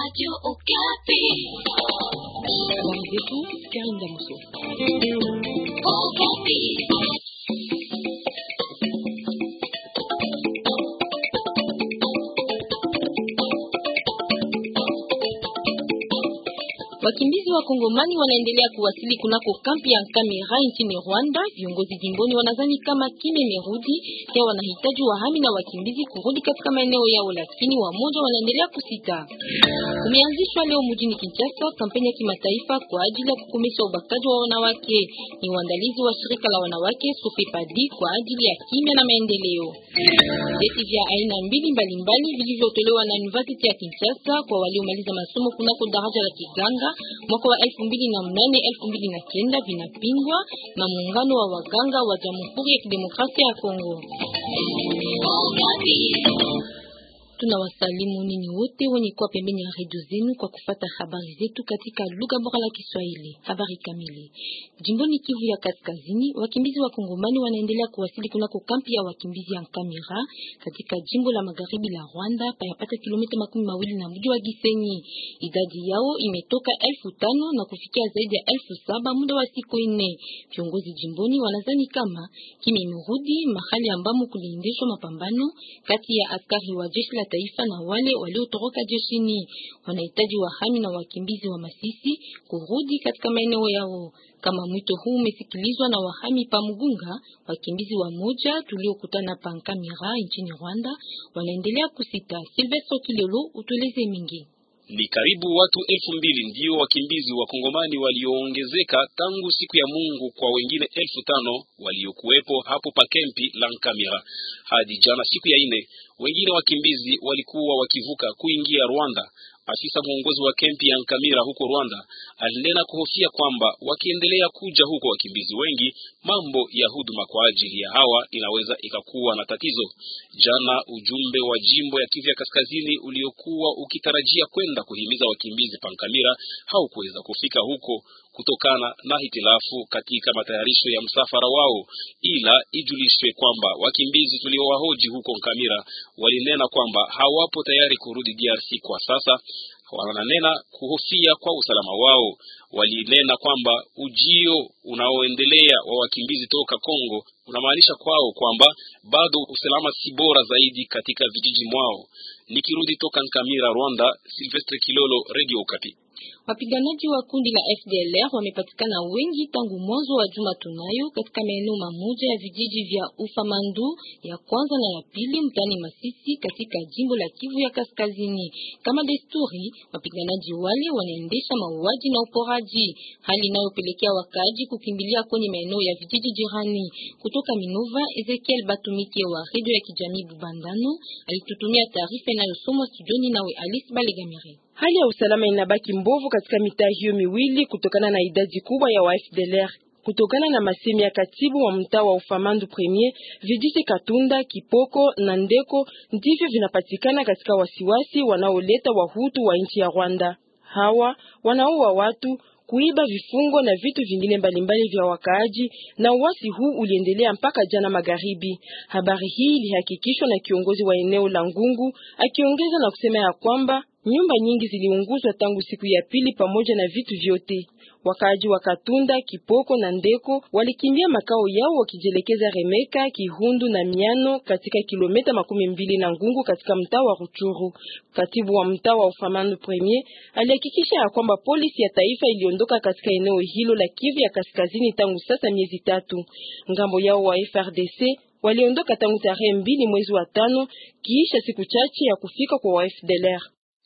Radio Okapi. Wenzetu Kanda Muso. Okapi. Wakimbizi wa Kongomani wanaendelea kuwasili kunako kampi ya Kamera nchini Rwanda. Viongozi jimboni wanazani kama kime merudi ya wanahitaji wahami na wakimbizi kurudi katika maeneo yao, lakini wamoja wanaendelea kusita. Kumeanzishwa leo mjini Kinshasa kampeni ya kimataifa kwa ajili ya kukomesha ubakaji wa wanawake. Ni uandalizi wa shirika la wanawake Sopepadi kwa ajili ya kimya na maendeleo. Vyeti vya aina mbili mbalimbali vilivyotolewa na University ya Kinshasa kwa waliomaliza masomo kunako daraja la Kiganga mwaka wa elfu mbili na mnane elfu mbili na kenda vinapingwa na muungano wa waganga wa Jamhuri ya Kidemokrasia ya Kongo. Tunawasalimu ninyi wote wenye kuwa pembeni ya redio zenu kwa kufata habari zetu katika lugha bora la Kiswahili. Habari kamili. Jimboni Kivu ya Kaskazini, wakimbizi wa Kongomani wanaendelea kuwasili kunako kampi ya wakimbizi ya Kamera katika jimbo la magharibi la Rwanda, payapata kilomita makumi mawili na mji wa Gisenyi. Idadi yao imetoka elfu tano na kufikia zaidi ya elfu saba muda wa siku nne. Viongozi jimboni wanazani kama kimerudi mahali ambamo kuliendeshwa mapambano kati ya askari wa jeshi la taifa na wale waliotoroka jeshini. Wanahitaji wahami na wakimbizi wa Masisi kurudi katika maeneo yao. Kama mwito huu umesikilizwa na wahami pa Mugunga, wakimbizi wa moja tuliokutana pa Nkamira nchini Rwanda wanaendelea kusita. Silvestre Kilolo utueleze mingi. Ni karibu watu elfu mbili ndio wakimbizi wa Kongomani walioongezeka tangu siku ya Mungu kwa wengine elfu tano waliokuwepo hapo pa kempi la Nkamira hadi jana siku ya ine. Wengine wakimbizi walikuwa wakivuka kuingia Rwanda. Afisa mwongozi wa kempi ya Nkamira huko Rwanda alinena kuhofia kwamba wakiendelea kuja huko wakimbizi wengi, mambo ya huduma kwa ajili ya hawa inaweza ikakuwa na tatizo. Jana ujumbe wa jimbo ya Kivu Kaskazini uliokuwa ukitarajia kwenda kuhimiza wakimbizi pa Nkamira haukuweza kufika huko kutokana na hitilafu katika matayarisho ya msafara wao, ila ijulishwe kwamba wakimbizi tuliowahoji huko Nkamira walinena kwamba hawapo tayari kurudi DRC kwa sasa. Wananena kuhofia kwa usalama wao. Walinena kwamba ujio unaoendelea wa wakimbizi toka Kongo unamaanisha kwao kwamba bado usalama si bora zaidi katika vijiji mwao. Nikirudi toka Nkamira, Rwanda, Silvestre Kilolo, Radio Okapi. Wapiganaji wa kundi la FDLR wamepatikana wengi tangu mwanzo wa juma tunayo katika maeneo mamoja ya vijiji vya Ufamandu ya kwanza na ya pili mtani Masisi katika jimbo la Kivu ya Kaskazini. Kama desturi, wapiganaji wale wanaendesha mauaji na uporaji, hali inayopelekea wakaaji kukimbilia kwenye maeneo ya vijiji jirani. Kutoka Minova, Ezekiel Batumike wa redio ya kijamii Bubandano alitutumia taarifa inayosomwa studioni nawe Alice Balegamire. Hali ya usalama inabaki mbovu katika mitaa hiyo miwili kutokana na idadi kubwa ya waFDLR. Kutokana na masemi ya katibu wa mtaa wa Ufamandu Premier, vijiji Katunda, Kipoko na Ndeko ndivyo vinapatikana katika wasiwasi wanaoleta wahutu wa nchi ya Rwanda. Hawa wanaua watu, kuiba vifungo na vitu vingine mbalimbali vya wakaaji, na uasi huu uliendelea mpaka jana magharibi. Habari hii ilihakikishwa na kiongozi wa eneo la Ngungu, akiongeza na kusema ya kwamba Nyumba nyingi ziliunguzwa tangu siku ya pili pamoja na vitu vyote. Wakaaji wa Katunda, Kipoko na Ndeko walikimbia makao yao wakijielekeza Remeka, Kihundu na Miano katika kilomita makumi mbili na Ngungu katika mtaa wa Ruchuru. Katibu wa mtaa wa Ufamano Premier alihakikisha ya kwamba polisi ya taifa iliondoka katika eneo hilo la Kivu ya Kaskazini tangu sasa miezi tatu. Ngambo yao wa FRDC waliondoka tangu tarehe mbili mwezi wa tano kiisha siku chache ya kufika kwa wa FDLR.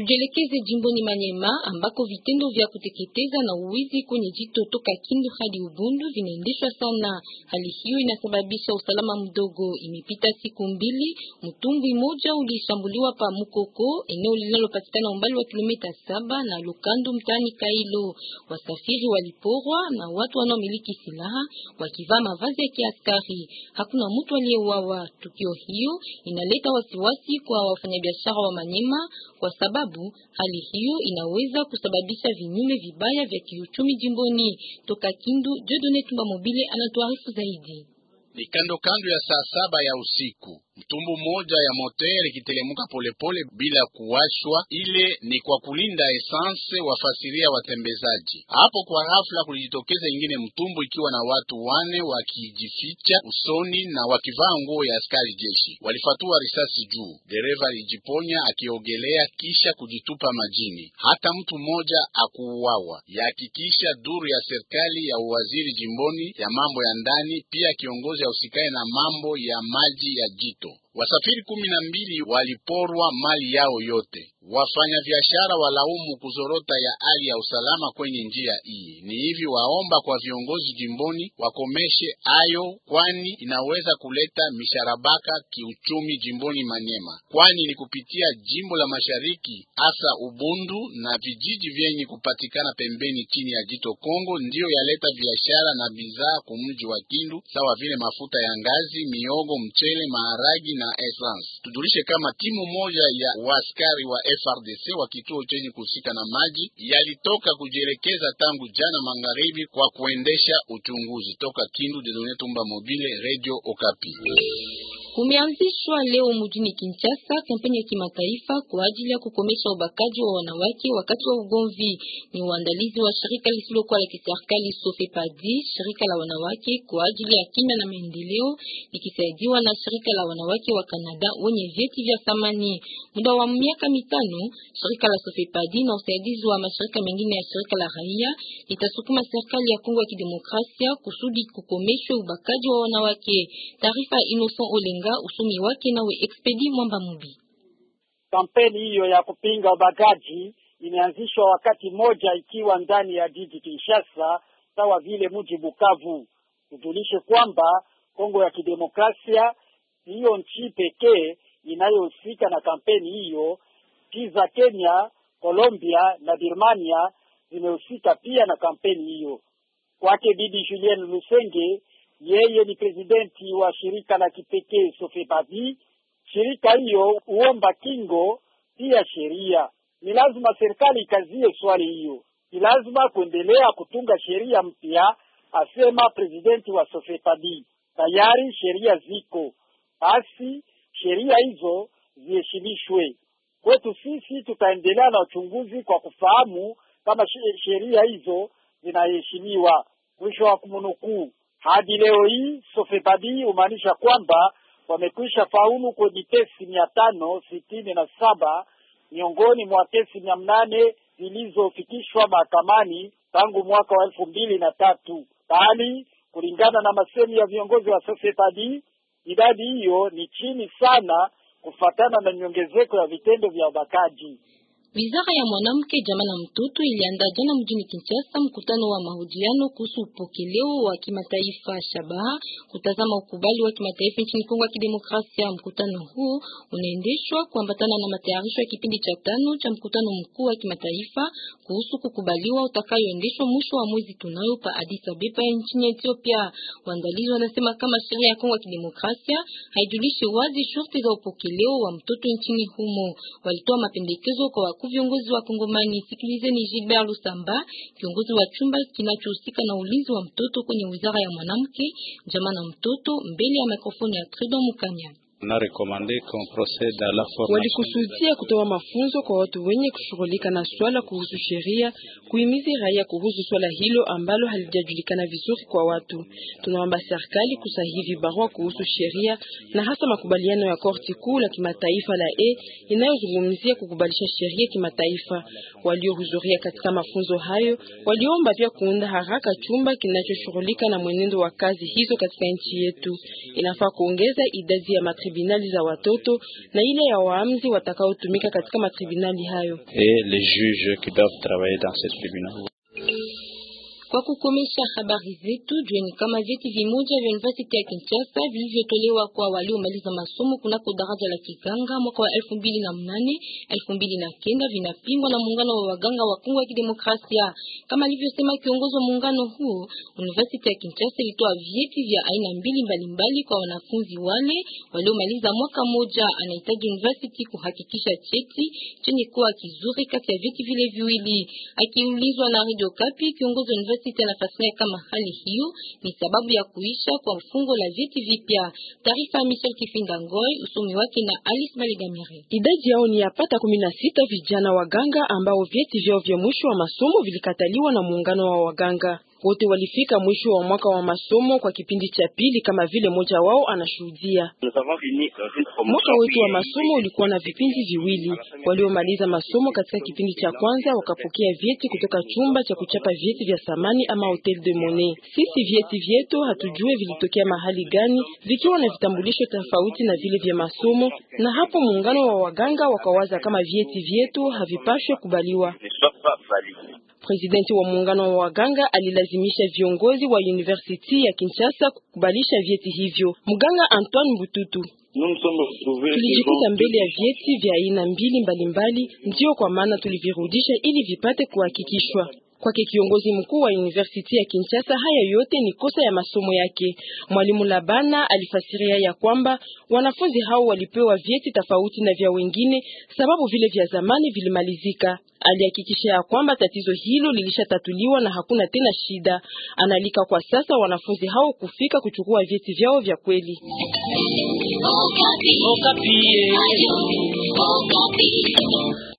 Tujelekeze jimboni Manyema ambako vitendo vya kuteketeza na uwizi kwenye jito toka Kindu hadi Ubundu vinaendeshwa sana. Hali hiyo inasababisha usalama mdogo. Imepita siku mbili, mtumbwi moja ulishambuliwa pa Mukoko, eneo linalopatikana umbali wa kilomita saba na Lukando mtaani Kailo. Wasafiri waliporwa na watu wanaomiliki silaha wakivaa mavazi ya kiaskari. Hakuna mtu aliyeuawa. Tukio hiyo inaleta wasiwasi kwa wafanyabiashara wa Manyema kwa sababu sababu hali hiyo inaweza kusababisha vinyume vibaya vya kiuchumi jimboni. Toka Kindu, Jodone Tumba Mobile anatuarifu zaidi. Ni kando kando ya saa saba ya usiku, mtumbu moja ya moteri ikitelemuka polepole bila kuwashwa. Ile ni kwa kulinda esanse, wafasiria watembezaji. Hapo kwa ghafla kulijitokeza ingine mtumbu ikiwa na watu wane wakijificha usoni na wakivaa nguo ya askari jeshi. Walifatua risasi juu, dereva alijiponya akiogelea kisha kujitupa majini. Hata mtu mmoja akuuawa, yahakikisha duru ya serikali ya uwaziri jimboni ya mambo ya ndani, pia kiongozi usikae na mambo ya maji ya jito. Wasafiri kumi na mbili waliporwa mali yao yote. Wafanyabiashara walaumu kuzorota ya hali ya usalama kwenye njia hii. Ni hivi waomba kwa viongozi jimboni wakomeshe ayo kwani inaweza kuleta misharabaka kiuchumi jimboni Manyema, kwani ni kupitia jimbo la Mashariki, hasa Ubundu na vijiji vyenye kupatikana pembeni chini ya jito Kongo, ndiyo yaleta biashara na bidhaa kumji wa Kindu, sawa vile mafuta ya ngazi, miogo, mchele, maharagi na na essence. Tujulishe kama timu moja ya waskari wa FRDC wa kituo chenye kuhusika na maji yalitoka kujielekeza tangu jana magharibi kwa kuendesha uchunguzi toka Kindu. Dieudonne Tumba, Mobile Radio Okapi. Kumeanzishwa leo mjini Kinshasa kampeni ya kimataifa kwa ajili ya kukomesha ubakaji wa wanawake wakati wa ugomvi. Ni uandalizi wa shirika lisilokuwa la kiserikali Sofepadi, shirika la wanawake kwa ajili ya kina na maendeleo, ikisaidiwa na shirika la wanawake wa Kanada wenye vyeti vya thamani. Muda wa miaka mitano, shirika la Sofepadi na usaidizi wa mashirika mengine ya shirika la raia itasukuma serikali ya Kongo ya Kidemokrasia kusudi kukomeshwe ubakaji wa wanawake. Taarifa Innocent Olenga kutangaza usomi wake nawe Expedi Mwamba Mubi. Kampeni hiyo ya kupinga ubakaji imeanzishwa wakati moja ikiwa ndani ya jiji Kinshasa sawa vile mji Bukavu. Tujulishe kwamba Kongo ya Kidemokrasia hiyo nchi pekee inayohusika na kampeni hiyo. Kiza za Kenya, Colombia na Birmania zimehusika pia na kampeni hiyo. Kwake Bibi Julien Lusenge, yeye ni presidenti wa shirika la kipekee Sofebadi. Shirika hiyo huomba kingo pia sheria. Ni lazima serikali ikazie swali hiyo, ni lazima kuendelea kutunga sheria mpya, asema presidenti wa Sofepadi. Tayari sheria ziko, basi sheria hizo ziheshimishwe. Kwetu sisi, tutaendelea na uchunguzi kwa kufahamu kama sheria hizo zinaheshimiwa. Mwisho wa kumnukuu hadi leo hii Sofebadi humaanisha kwamba wamekwisha faulu kwenye kesi mia tano sitini na saba miongoni mwa kesi mia mnane zilizofikishwa mahakamani tangu mwaka wa elfu mbili na tatu bali kulingana na masemi ya viongozi wa Sofebadi idadi hiyo ni chini sana kufuatana na nyongezeko ya vitendo vya ubakaji. Wizara ya mwanamke jamaa na mtoto iliandaa jana mjini Kinshasa mkutano wa mahojiano kuhusu upokeleo wa kimataifa shabaha kutazama ukubali wa kimataifa nchini Kongo ya Kidemokrasia. Mkutano huu unaendeshwa kuambatana na matayarisho ya kipindi cha tano cha mkutano mkuu wa kimataifa kuhusu kukubaliwa utakayoendeshwa mwisho wa mwezi tunayo pa Addis Ababa nchini Ethiopia. Waandalizi wanasema kama sheria ya Kongo ya Kidemokrasia haijulishi wazi shurti za upokeleo wa mtoto nchini humo, walitoa mapendekezo kwa viongozi wa Kongomani. Sikilizeni Gilbert Lusamba, kiongozi wa chumba kinachohusika na ulinzi wa mtoto kwenye wizara ya mwanamke, jamaa na mtoto, mbele ya mikrofoni ya Trudeau Mukanya. Walikusudia kutoa mafunzo kwa watu wenye kushughulika na swala kuhusu sheria, kuhimiza raia kuhusu swala hilo ambalo halijajulikana vizuri kwa watu. Tunaomba serikali kusahihi barua kuhusu sheria na hasa makubaliano ya korti kuu la kimataifa la E inayozungumzia kukubalisha sheria kimataifa. Waliohudhuria katika mafunzo hayo waliomba pia kuunda haraka chumba kinachoshughulika na mwenendo wa kazi hizo katika nchi yetu. Inafaa kuongeza idadi ya matri matribunali za watoto na ile ya waamuzi watakaotumika katika matribunali hayo. Et les juges qui doivent travailler dans ces tribunaux. Kwa kukomesha habari zetu, jueni kama vyeti vimoja vya University ya Kinshasa vilivyotolewa kwa waliomaliza masomo kunako daraja la Kiganga mwaka wa 2008 2009 vinapingwa na muungano wa waganga wa Kongo ya Kidemokrasia. Kama alivyosema kiongozi wa muungano huo, University ya Kinshasa ilitoa vyeti vya aina mbili mbalimbali kwa wanafunzi wale waliomaliza mwaka mmoja. Anahitaji university kuhakikisha cheti chenye kuwa kizuri kati ya vyeti vile viwili. Akiulizwa na Radio Kapi, kiongozi wa Sita nafasinaye kama hali hiyo ni sababu ya kuisha kwa mfungo la vyeti vipya. Taarifa ya Michel Kifinga Ngoi, usomi wake na Alice Maligamire. Idadi yao ni yapata kumi na sita vijana waganga ambao vyeti vyao vya mwisho wa masomo vilikataliwa na muungano wa waganga. Wote walifika mwisho wa mwaka wa masomo kwa kipindi cha pili, kama vile moja wao anashuhudia. Euh, mwaka wetu wa masomo ulikuwa na vipindi viwili. Waliomaliza masomo katika kipindi cha kwanza wakapokea vyeti kutoka chumba cha kuchapa vyeti vya samani ama Hotel de Monet. Sisi vyeti vyetu hatujue vilitokea mahali gani, vikiwa na vitambulisho tofauti na vile vya masomo, na hapo muungano wa waganga wakawaza kama vyeti vyetu havipashwe kubaliwa. Presidenti wa muungano wa waganga alilazimisha viongozi wa University ya Kinshasa kukubalisha vyeti hivyo. Mganga Antoine Bututu tulijikuta mbele ya vyeti vya aina mbili mbalimbali, ndiyo kwa maana tulivirudisha ili vipate kuhakikishwa. Kwake kiongozi mkuu wa University ya Kinshasa, haya yote ni kosa ya masomo yake. Mwalimu Labana alifasiria ya kwamba wanafunzi hao walipewa vyeti tofauti na vya wengine sababu vile vya zamani vilimalizika. Alihakikisha ya kwamba tatizo hilo lilishatatuliwa na hakuna tena shida. Analika kwa sasa wanafunzi hao kufika kuchukua vyeti vyao vya kweli. Okapi. Okapi. Okapi.